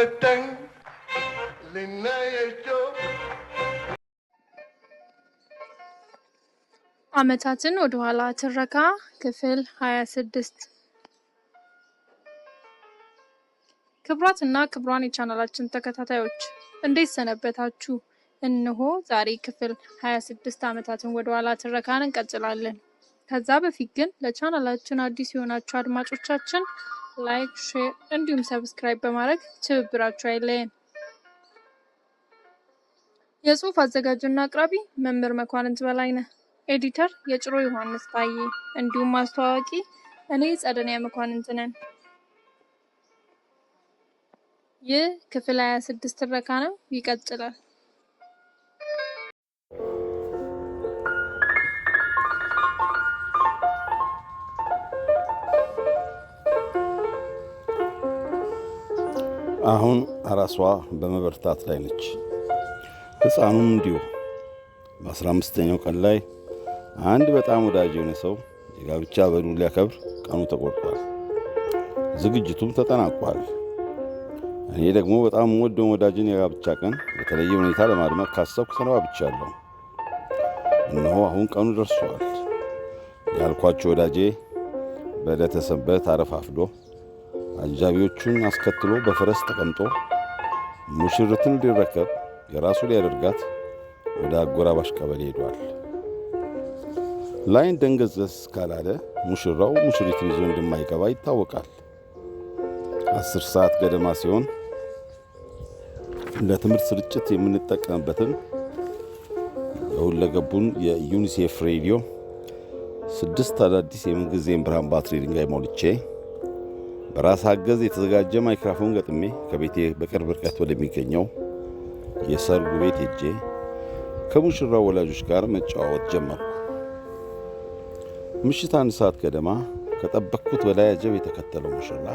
ወጥተን ልናያቸው ዓመታትን ወደኋላ ትረካ ክፍል 26 ክብራት እና ክብሯን የቻናላችን ተከታታዮች እንዴት ሰነበታችሁ? እነሆ ዛሬ ክፍል 26 ዓመታትን ኋላ ትረካን እንቀጥላለን። ከዛ በፊት ግን ለቻናላችን አዲስ የሆናችሁ አድማጮቻችን ላይክ፣ ሼር እንዲሁም ሰብስክራይብ በማድረግ ትብብራችሁ አይለየን። የጽሁፍ አዘጋጅና አቅራቢ መምህር መኳንንት በላይነህ፣ ኤዲተር የጭሮ ዮሐንስ ታዬ፣ እንዲሁም አስተዋዋቂ እኔ ጸደንያ መኳንንት ነን። ይህ ክፍል 26 ትረካ ነው። ይቀጥላል። አሁን አራሷ በመበርታት ላይ ነች። ሕፃኑም እንዲሁ በአስራ አምስተኛው ቀን ላይ አንድ በጣም ወዳጅ የሆነ ሰው የጋብቻ በዱ ሊያከብር ቀኑ ተቆርጧል። ዝግጅቱም ተጠናቋል። እኔ ደግሞ በጣም ወደውን ወዳጅን የጋብቻ ቀን በተለየ ሁኔታ ለማድመቅ ካሰብኩ ሰነባብቻለሁ። እነሆ አሁን ቀኑ ደርሷል። ያልኳቸው ወዳጄ በዕለተ ሰንበት አረፋፍዶ አጃቢዎቹን አስከትሎ በፈረስ ተቀምጦ ሙሽርትን ሊረከብ የራሱ ሊያደርጋት ወደ አጎራባሽ ቀበሌ ሄዷል። ላይን ደንገዘስ ካላለ ሙሽራው ሙሽሪትን ይዞ እንደማይገባ ይታወቃል። አስር ሰዓት ገደማ ሲሆን ለትምህርት ስርጭት የምንጠቀምበትን የሁለገቡን የዩኒሴፍ ሬዲዮ ስድስት አዳዲስ የምንጊዜም ብርሃን ባትሪ ድንጋይ ሞልቼ በራስ አገዝ የተዘጋጀ ማይክራፎን ገጥሜ ከቤቴ በቅርብ ርቀት ወደሚገኘው የሰርጉ ቤት ሄጄ ከሙሽራው ወላጆች ጋር መጨዋወት ጀመርኩ። ምሽት አንድ ሰዓት ገደማ ከጠበቅኩት በላይ አጀብ የተከተለው ሙሽራ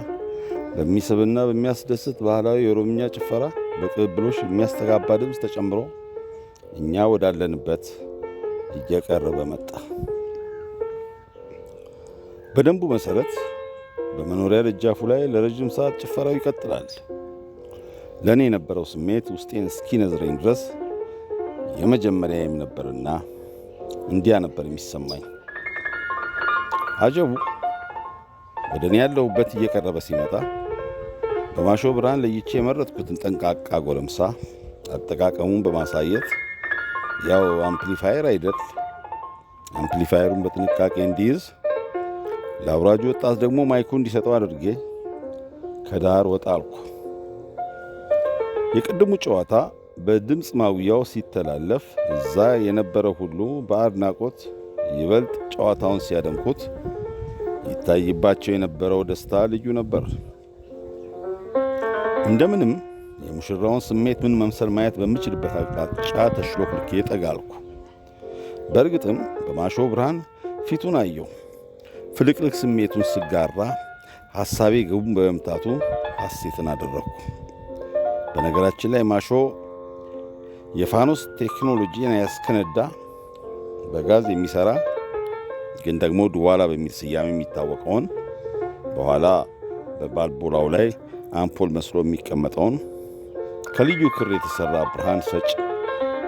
በሚስብና በሚያስደስት ባህላዊ የኦሮምኛ ጭፈራ በቅብብሎች የሚያስተጋባ ድምፅ ተጨምሮ እኛ ወዳለንበት እየቀረበ መጣ። በደንቡ መሠረት በመኖሪያ ደጃፉ ላይ ለረዥም ሰዓት ጭፈራው ይቀጥላል። ለእኔ የነበረው ስሜት ውስጤን እስኪነዝረኝ ድረስ የመጀመሪያዬም ነበርና እንዲያ ነበር የሚሰማኝ። አጀቡ ወደ እኔ ያለሁበት እየቀረበ ሲመጣ በማሾ ብርሃን ለይቼ የመረጥኩትን ጠንቃቃ ጎረምሳ አጠቃቀሙን በማሳየት ያው አምፕሊፋየር አይደል፣ አምፕሊፋየሩን በጥንቃቄ እንዲይዝ ለአውራጁ ወጣት ደግሞ ማይኩ እንዲሰጠው አድርጌ ከዳር ወጣ አልኩ። የቅድሙ ጨዋታ በድምፅ ማውያው ሲተላለፍ እዛ የነበረ ሁሉ በአድናቆት ይበልጥ ጨዋታውን ሲያደምኩት ይታይባቸው የነበረው ደስታ ልዩ ነበር። እንደምንም የሙሽራውን ስሜት ምን መምሰል ማየት በምችልበት አቅጣጫ ተሽሎክልኬ ጠጋልኩ? በእርግጥም በማሾ ብርሃን ፊቱን አየው። ፍልቅልቅ ስሜቱን ስጋራ ሐሳቤ ግቡን በመምታቱ ሐሴትን አደረግኩ። በነገራችን ላይ ማሾ የፋኖስ ቴክኖሎጂን ያስከነዳ በጋዝ የሚሰራ ግን ደግሞ ድዋላ በሚል ስያሜ የሚታወቀውን በኋላ በባልቦላው ላይ አምፖል መስሎ የሚቀመጠውን ከልዩ ክር የተሰራ ብርሃን ሰጭ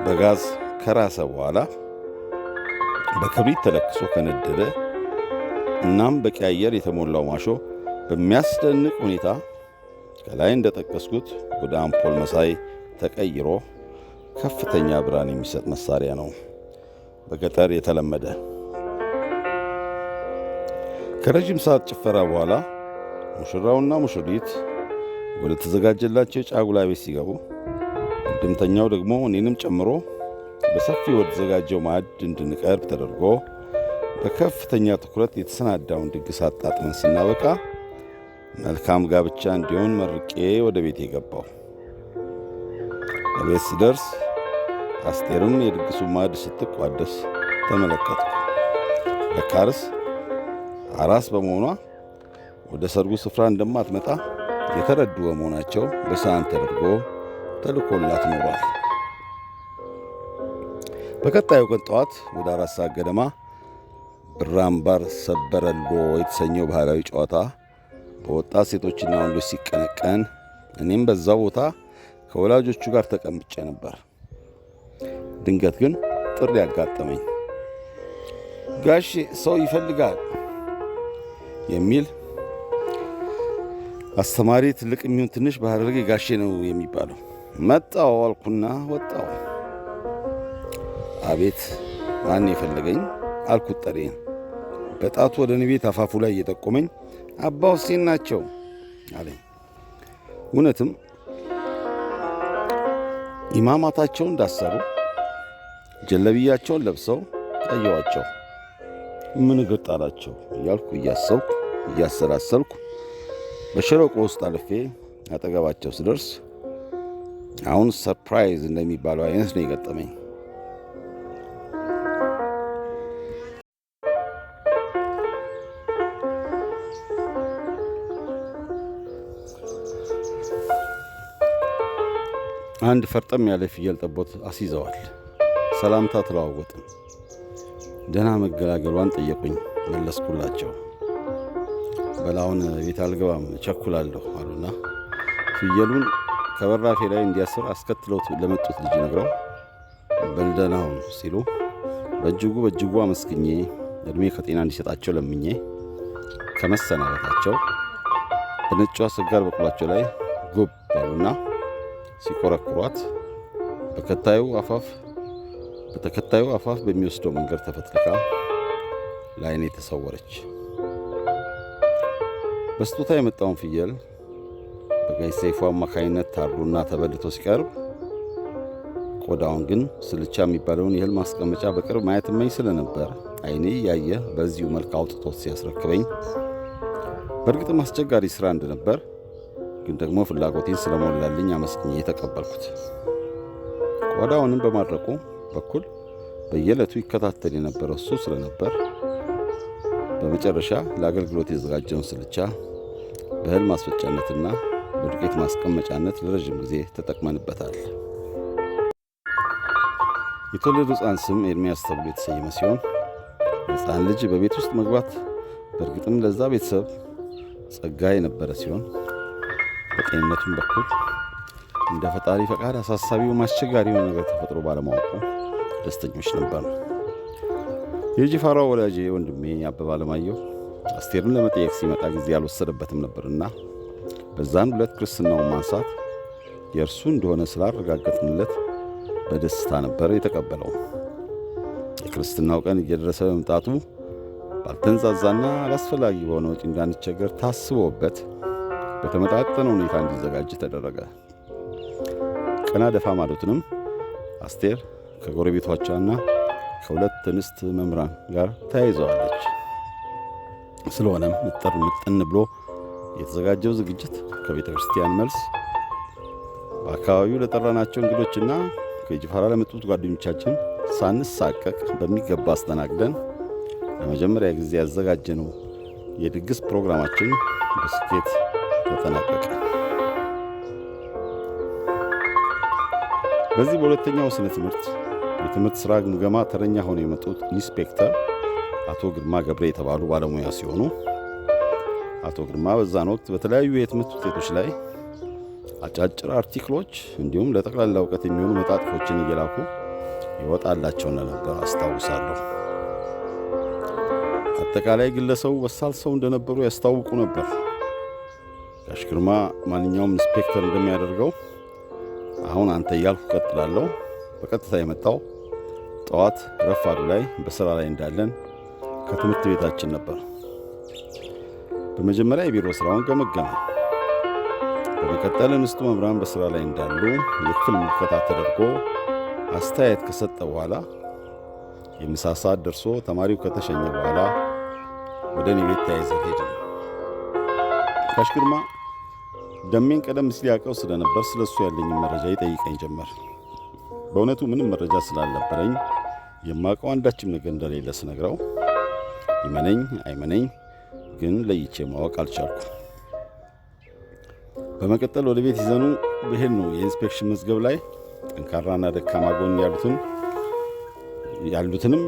በጋዝ ከራሰ በኋላ በክብሪት ተለክሶ ከነደደ እናም በቂ አየር የተሞላው ማሾ በሚያስደንቅ ሁኔታ ከላይ እንደጠቀስኩት ወደ አምፖል መሳይ ተቀይሮ ከፍተኛ ብርሃን የሚሰጥ መሳሪያ ነው። በገጠር የተለመደ ከረዥም ሰዓት ጭፈራ በኋላ ሙሽራውና ሙሽሪት ወደ ተዘጋጀላቸው የጫጉላ ቤት ሲገቡ እድምተኛው ደግሞ እኔንም ጨምሮ በሰፊው ወደ ተዘጋጀው ማዕድ እንድንቀርብ ተደርጎ በከፍተኛ ትኩረት የተሰናዳውን ድግስ አጣጥመን ስናበቃ መልካም ጋብቻ እንዲሆን መርቄ ወደ ቤት የገባው። በቤት ስደርስ አስቴርም የድግሱ ማዕድ ስትቋደስ ተመለከትኩ። ለካርስ አራስ በመሆኗ ወደ ሰርጉ ስፍራ እንደማትመጣ የተረዱ በመሆናቸው በሰሃን ተደርጎ ተልኮላት ኖሯል። በቀጣዩ ቀን ጠዋት ወደ አራት ሰዓት ገደማ ራምባር ሰበረሎ የተሰኘው ባህላዊ ጨዋታ በወጣት ሴቶችና ወንዶች ሲቀነቀን እኔም በዛው ቦታ ከወላጆቹ ጋር ተቀምጬ ነበር። ድንገት ግን ጥሪ ያጋጠመኝ። ጋሼ ሰው ይፈልጋል የሚል አስተማሪ፣ ትልቅ የሚሆን ትንሽ ባህረርጌ ጋሼ ነው የሚባለው። መጣው አልኩና ወጣው። አቤት ማን የፈለገኝ አልኩት ጠሬን በጣቱ ወደ እኔ ቤት አፋፉ ላይ እየጠቆመኝ አባ ሁሴን ናቸው አለኝ። እውነትም ኢማማታቸውን እንዳሰሩ ጀለብያቸውን ለብሰው ጠየዋቸው። ምን እግር እያልኩ እያሰብኩ እያሰላሰልኩ በሸረቆ ውስጥ አልፌ አጠገባቸው ስደርስ አሁን ሰርፕራይዝ እንደሚባለው አይነት ነው የገጠመኝ። አንድ ፈርጠም ያለ ፍየል ጠቦት አስይዘዋል። ሰላምታ ተለዋወጥን። ደህና መገላገሏን ጠየቁኝ። መለስኩላቸው። በላሁን ቤት አልገባም ቸኩላለሁ አሉና ፍየሉን ከበራፌ ላይ እንዲያስር አስከትለውት ለመጡት ልጅ ነግረው በልደናው ሲሉ በእጅጉ በእጅጉ አመስግኜ እድሜ ከጤና እንዲሰጣቸው ለምኜ ከመሰናበታቸው በነጯ ስጋር በቁላቸው ላይ ጎብ አሉና ሲኮረኩሯት በከታዩ አፋፍ በተከታዩ አፋፍ በሚወስደው መንገድ ተፈትልካ ለዓይኔ ተሰወረች። በስጦታ የመጣውን ፍየል በጋይ ሰይፉ አማካኝነት ታርዶና ተበልቶ ሲቀርብ ቆዳውን ግን ስልቻ የሚባለውን የእህል ማስቀመጫ በቅርብ ማየት እመኝ ስለነበር ዓይኔ እያየ በዚሁ መልክ አውጥቶት ሲያስረክበኝ በእርግጥም አስቸጋሪ ስራ እንደነበር ግን ደግሞ ፍላጎቴን ስለሞላልኝ አመስግኜ የተቀበልኩት። ቆዳውንም በማድረቁ በኩል በየዕለቱ ይከታተል የነበረው እሱ ስለነበር በመጨረሻ ለአገልግሎት የዘጋጀውን ስልቻ በእህል ማስፈጫነትና በዱቄት ማስቀመጫነት ለረዥም ጊዜ ተጠቅመንበታል። የተወለዱ ሕፃን ስም ኤርሚያስ ተብሎ የተሰየመ ሲሆን ህፃን ልጅ በቤት ውስጥ መግባት በእርግጥም ለዛ ቤተሰብ ጸጋ የነበረ ሲሆን በጤንነቱም በኩል እንደ ፈጣሪ ፈቃድ አሳሳቢውም አስቸጋሪው ነገር ተፈጥሮ ባለማወቁ ደስተኞች ነበር። የጅፋሯ ወዳጄ ወንድሜ አበባ አለማየሁ አስቴርን ለመጠየቅ ሲመጣ ጊዜ አልወሰደበትም ነበርና በዛን ሁለት ክርስትናውን ማንሳት የእርሱ እንደሆነ ስላረጋገጥንለት በደስታ ነበር የተቀበለው። የክርስትናው ቀን እየደረሰ በመምጣቱ ባልተንዛዛና አላስፈላጊ በሆነ ወጪ እንዳንቸገር ታስቦበት በተመጣጠነ ሁኔታ እንዲዘጋጅ ተደረገ። ቀና ደፋ ማለቱንም አስቴር ከጎረቤቶቿና ከሁለት እንስት መምህራን ጋር ተያይዘዋለች። ስለሆነም ምጥር ምጥን ብሎ የተዘጋጀው ዝግጅት ከቤተ ክርስቲያን መልስ በአካባቢው ለጠራናቸው እንግዶችና ከጅፋራ ለመጡት ጓደኞቻችን ሳንሳቀቅ በሚገባ አስተናግደን ለመጀመሪያ ጊዜ ያዘጋጀነው የድግስ ፕሮግራማችን በስኬት ተጠናቀቀ። በዚህ በሁለተኛው ስነ ትምህርት የትምህርት ሥራ ግምገማ ተረኛ ሆነው የመጡት ኢንስፔክተር አቶ ግርማ ገብሬ የተባሉ ባለሙያ ሲሆኑ አቶ ግርማ በዛን ወቅት በተለያዩ የትምህርት ውጤቶች ላይ አጫጭር አርቲክሎች እንዲሁም ለጠቅላላ እውቀት የሚሆኑ መጣጥፎችን እየላኩ ይወጣላቸው እንደነበር አስታውሳለሁ። አጠቃላይ ግለሰቡ በሳል ሰው እንደነበሩ ያስታውቁ ነበር። ጋሽ ግርማ ማንኛውም ኢንስፔክተር እንደሚያደርገው አሁን አንተ እያልኩ ቀጥላለሁ። በቀጥታ የመጣው ጠዋት ረፋዱ ላይ በስራ ላይ እንዳለን ከትምህርት ቤታችን ነበር። በመጀመሪያ የቢሮ ስራውን ገመገመ። በመቀጠል እንስቱ መምህራን በስራ ላይ እንዳሉ የክፍል ምልከታ ተደርጎ አስተያየት ከሰጠ በኋላ የምሳ ሰዓት ደርሶ ተማሪው ከተሸኘ በኋላ ወደ እኔ ቤት ተያይዘን ሄድን። ጋሽ ግርማ ደሜን ቀደም ሲል ያውቀው ስለነበር ስለሱ ያለኝ መረጃ ይጠይቀኝ ጀመር። በእውነቱ ምንም መረጃ ስላልነበረኝ የማውቀው አንዳችም ነገር እንደሌለ ስነግረው ይመነኝ አይመነኝ ግን ለይቼ ማወቅ አልቻልኩ። በመቀጠል ወደ ቤት ይዘኑ ብሄድ ነው የኢንስፔክሽን መዝገብ ላይ ጠንካራና ደካማ ጎን ያሉትን ያሉትንም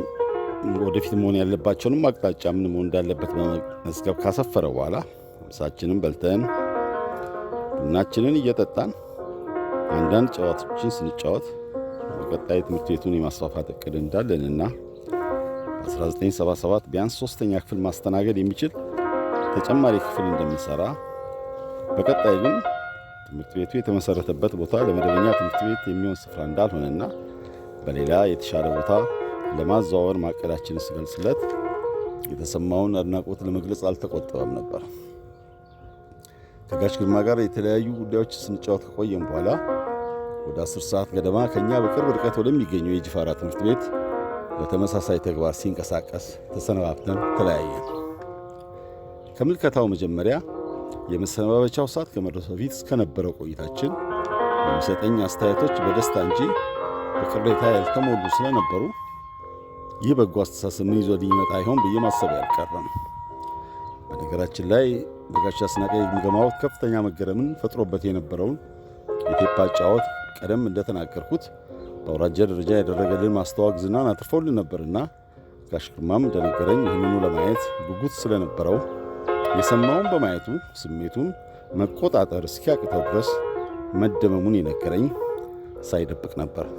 ወደፊት መሆን ያለባቸውንም አቅጣጫ ምን መሆን እንዳለበት በመዝገብ ካሰፈረ በኋላ ምሳችንም በልተን ቡናችንን እየጠጣን አንዳንድ ጨዋታዎችን ስንጫወት በቀጣይ ትምህርት ቤቱን የማስፋፋት እቅድ እንዳለንና በ1977 ቢያንስ ሶስተኛ ክፍል ማስተናገድ የሚችል ተጨማሪ ክፍል እንደምንሰራ በቀጣይ ግን ትምህርት ቤቱ የተመሰረተበት ቦታ ለመደበኛ ትምህርት ቤት የሚሆን ስፍራ እንዳልሆነና በሌላ የተሻለ ቦታ ለማዘዋወር ማቀዳችንን ስገልጽለት የተሰማውን አድናቆት ለመግለጽ አልተቆጠበም ነበር። ከጋሽ ግርማ ጋር የተለያዩ ጉዳዮች ስንጫወት ከቆየም በኋላ ወደ 10 ሰዓት ገደማ ከኛ በቅርብ ርቀት ወደሚገኘው የጅፋራ ትምህርት ቤት ለተመሳሳይ ተግባር ሲንቀሳቀስ ተሰነባብተን ተለያየን። ከምልከታው መጀመሪያ የመሰነባበቻው ሰዓት ከመድረሱ በፊት እስከነበረው ቆይታችን የሚሰጠኝ አስተያየቶች በደስታ እንጂ በቅሬታ ያልተሞሉ ስለነበሩ ይህ በጎ አስተሳሰብ ምን ይዞ ሊመጣ ይሆን ብዬ ማሰብ ያልቀረም። በነገራችን ላይ በጋሻ አስናቀ ግምገማው ከፍተኛ መገረምን ፈጥሮበት የነበረውን የቴፓ ጫወት ቀደም እንደተናገርኩት በአውራጃ ደረጃ ያደረገልን ማስተዋወቅ ዝናን አትርፎልን ነበርና ጋሽ ግርማም እንደነገረኝ ይህንኑ ለማየት ጉጉት ስለነበረው የሰማውን በማየቱ ስሜቱን መቆጣጠር እስኪያቅተው ድረስ መደመሙን የነገረኝ ሳይደብቅ ነበር።